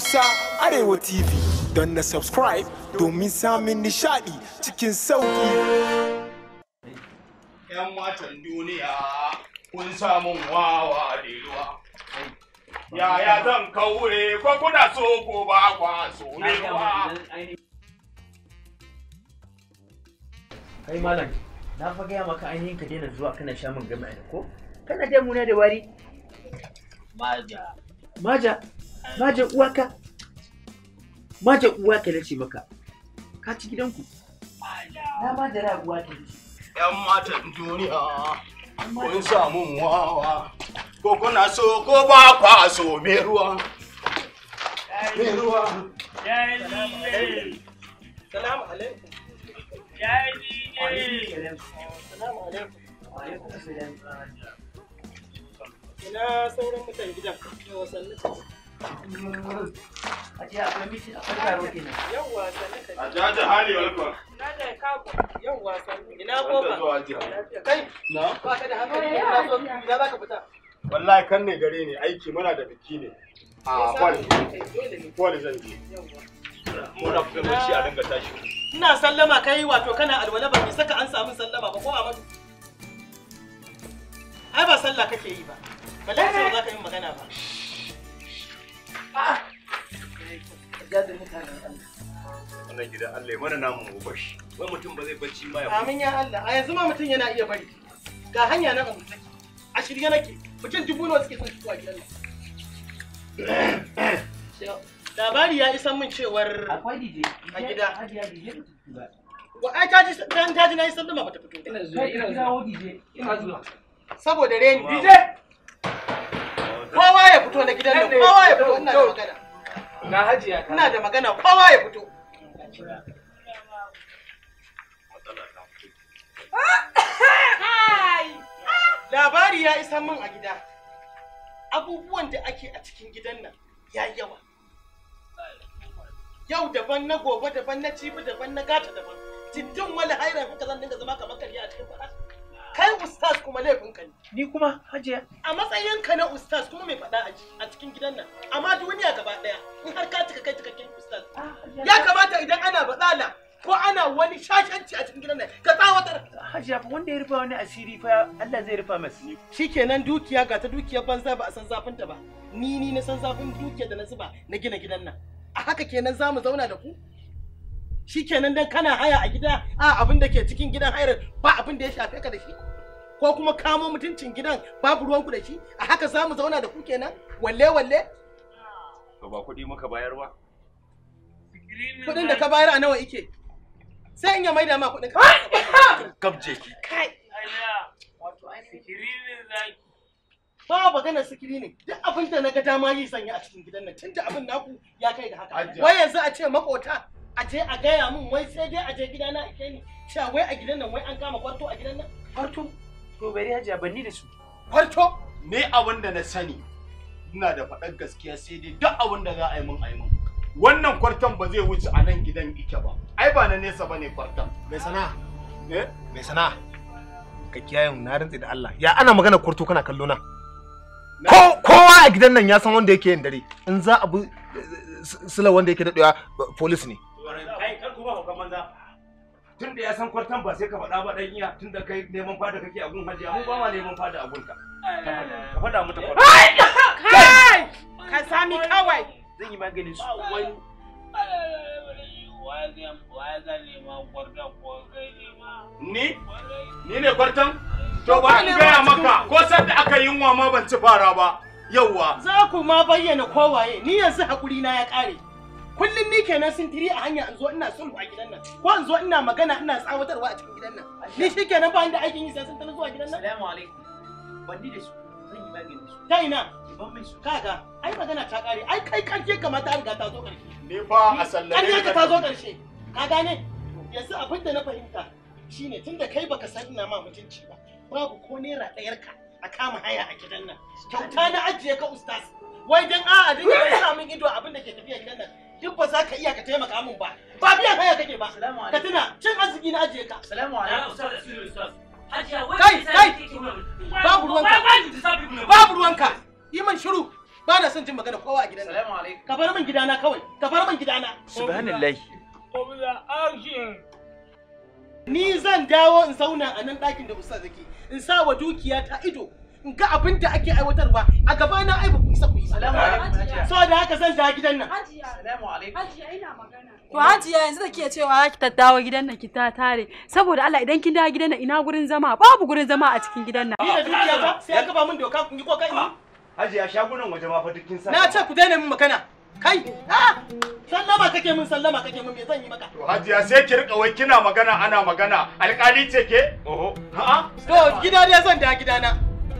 Hausa Arewa TV don na subscribe domin samun nishaɗi cikin sauƙi. ‘Yan watan duniya kun samun wawa da ruwa. Yaya zan kaure ko kuna so ko ba kwa so ne Kai malam, na fa gaya maka ainihin ka daina zuwa kana sha min gama ko? Kana da muna da wari? Maja. Maja? maje uwaka maje uwaka nace maka ka ci gidanku na ma da raguwa ta ce yan matan duniya kun samu wawa ko kuna so ko ba kwa so me ruwa me ruwa salamu alaikum salamu alaikum ina sauran mutan gidan Ajiya akwai miti akwai taro kenan. Ina Ba ka da hankali ina ka fita. Wallahi kan ne gare ne aiki muna da biki ne. A kwal. Kwal zan je. Muna fuka bacci a dinga tashi. Ina sallama kai wato kana alwala ba saka an samu sallama ba ko Amadu. Ai ba sallah kake yi ba. Wallahi sai za ka yi magana ba. amin ya Allah a yanzu ma mutum yana iya bari ga hanya nan a mutum a shirye nake mutum dubu nawa suke son shigowa gidan nan labari ya isan min cewar a gida wa ai na isan dama bata fito ina zuwa ina zuwa ina zuwa saboda reni dije kowa ya fito na gidan nan kowa ya fito ina da magana Na hajiya ta. Ina da magana kowa ya fito. Labari ya isa min a gida. Abubuwan da ake a cikin gidan nan ya yawa. Yau daban na gobe daban na jibi daban na gata daban. Tintin wani hairar kuka zan dinga zama kamar karya a cikin fara. Ni kuma hajiya. A matsayinka na ustaz kuma mai faɗa a cikin gidan nan, amma duniya gaba ɗaya in har ka cika kai cikakken ustaz. Ah, ya kamata idan ana batsala ko ana wani shashanci a cikin gidan nan ka tsawatar. Hajiya fa wanda ya rufa wani asiri fa Allah zai rufa masa. Shikenan dukiya ga ta dukiyar banza ba a san zafin ta ba. Ni ni na san zafin dukiya da na zuba na gina gidan nan. A haka kenan za mu zauna da ku? Shikenan dan kana haya a gida a abin da ke cikin gidan hayar ba abin da ya shafe ka da shi. ko kuma kamo mutuncin gidan babu ku da shi a haka za mu zauna da ku kenan walle walle to ba kuɗi muka bayar ba kuɗin da ka bayar a nawa ike sai in ya maida ma kuɗin ka gabje ki kai ba gana sikiri ne duk abin da na ga dama yi sanya a cikin gidan nan da abin naku ya kai da haka wai yanzu a ce makota a je a gaya min wai sai dai a je gidana ake ni cewa wai a gidan nan wai an kama kwarto a gidan nan kwarto To bari hajiya banni da su. Farto ne abin da na sani ina da faɗar gaskiya sai dai duk abin da za a yi min a yi min. Wannan kwartan ba zai wuce a nan gidan ike ba. Ai ba na nesa ba ne kwartan. Mai sana Eh? Mai sana. Ka kiyaye na rantsi da Allah. Ya ana magana kwarto kana kallo na. Kowa a gidan nan ya san wanda yake yin dare. In za a bi eh, eh, eh, sila wanda yake daɗewa polis ne. ba za. tun da ya san kwartan ba sai ka faɗa ba dan iya tun da kai neman fada kake a gun hajiya mu ba ma neman fada a gun ka faɗa mata kwartan kai ka sami kawai zan yi maganin su wani ni ni ne kwartan to ba ku gaya maka ko sanda aka wa ma ban ci fara ba yauwa za ku ma bayyana kowaye ni yanzu hakuri na ya kare kullum ni kenan sun tiri a hanya in zo ina sulhu a gidan nan ko in zo ina magana ina tsawatarwa a cikin gidan nan ni shi kenan ba da aikin yi sai sun tana zuwa gidan nan assalamu alaikum bandi da su zan yi magana su ta ina ban mai su kaga ai magana ta kare ai kai karshe kamata an riga ta zo karshe ne fa a sallame ka ta zo karshe ka gane yanzu abin da na fahimta shine tunda kai baka san ina ma mutunci ba babu ko naira ɗayar ka a kama haya a gidan nan kyauta na ajiye ka ustaz wai dan a'a dinga samun ido abin da ke tafiya gidan nan duk ba za ka iya ka taimaka min ba ba biyan haya kake ba ka tuna cin arziki na ajiye ka salamu alaikum kai kai babu ruwanka babu ruwanka yi man shiru ba na son jin magana kowa a gidan salamu alaikum ka bar min gidana kawai ka bar min gidana subhanallahi ni zan dawo in zauna a nan ɗakin da ustaz yake in sa wa dukiya ta ido ga abin da ake aiwatarwa a gaba na ai ba ku isa ku isa salamu alaikum da haka zan da gidan nan salamu alaikum hajiya ina magana to hajiya yanzu da kike cewa ki tattawo gidan nan ki ta tare saboda Allah idan kin dawo gidan nan ina gurin zama babu gurin zama a cikin gidan nan ni da dukiya ba sai ka ba min doka kun yi kokari hajiya shagunan waje ma fa duk kin sa na ce ku daina min magana kai sallama kake min sallama kake min me zan yi maka to hajiya sai ki rika wai kina magana ana magana alƙali ce ke oho ha to gida dai zan da gidana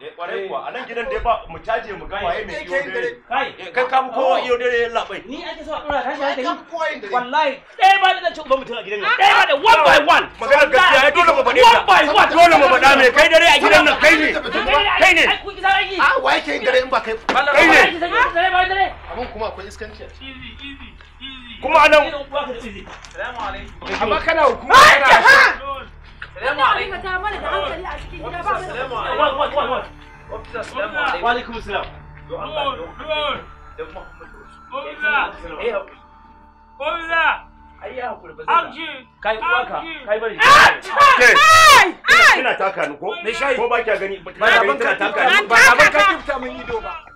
eh kwarai eh. kuwa a nan gidan da ba mu caje mu ga waye mai dare kai eh, kai ka mu kowa dare labai ni ake so a dora tashi wallahi dai ba da ci uban mutum a gidan nan dai ah, ba da ah. one by one magana gaskiya ai dole mu one by one dole mu mai kai dare a gidan nan kai ne kai ne a ah, waye dare in ba kai kai ne dare ba dare kuma akwai easy easy kuma anan amma kana hukuma kana Salamu min ido ba.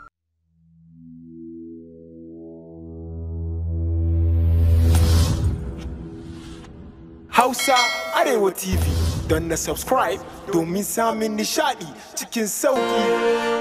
Hausa Arewa TV. don na subscribe domin samun nishaɗi cikin sauƙi.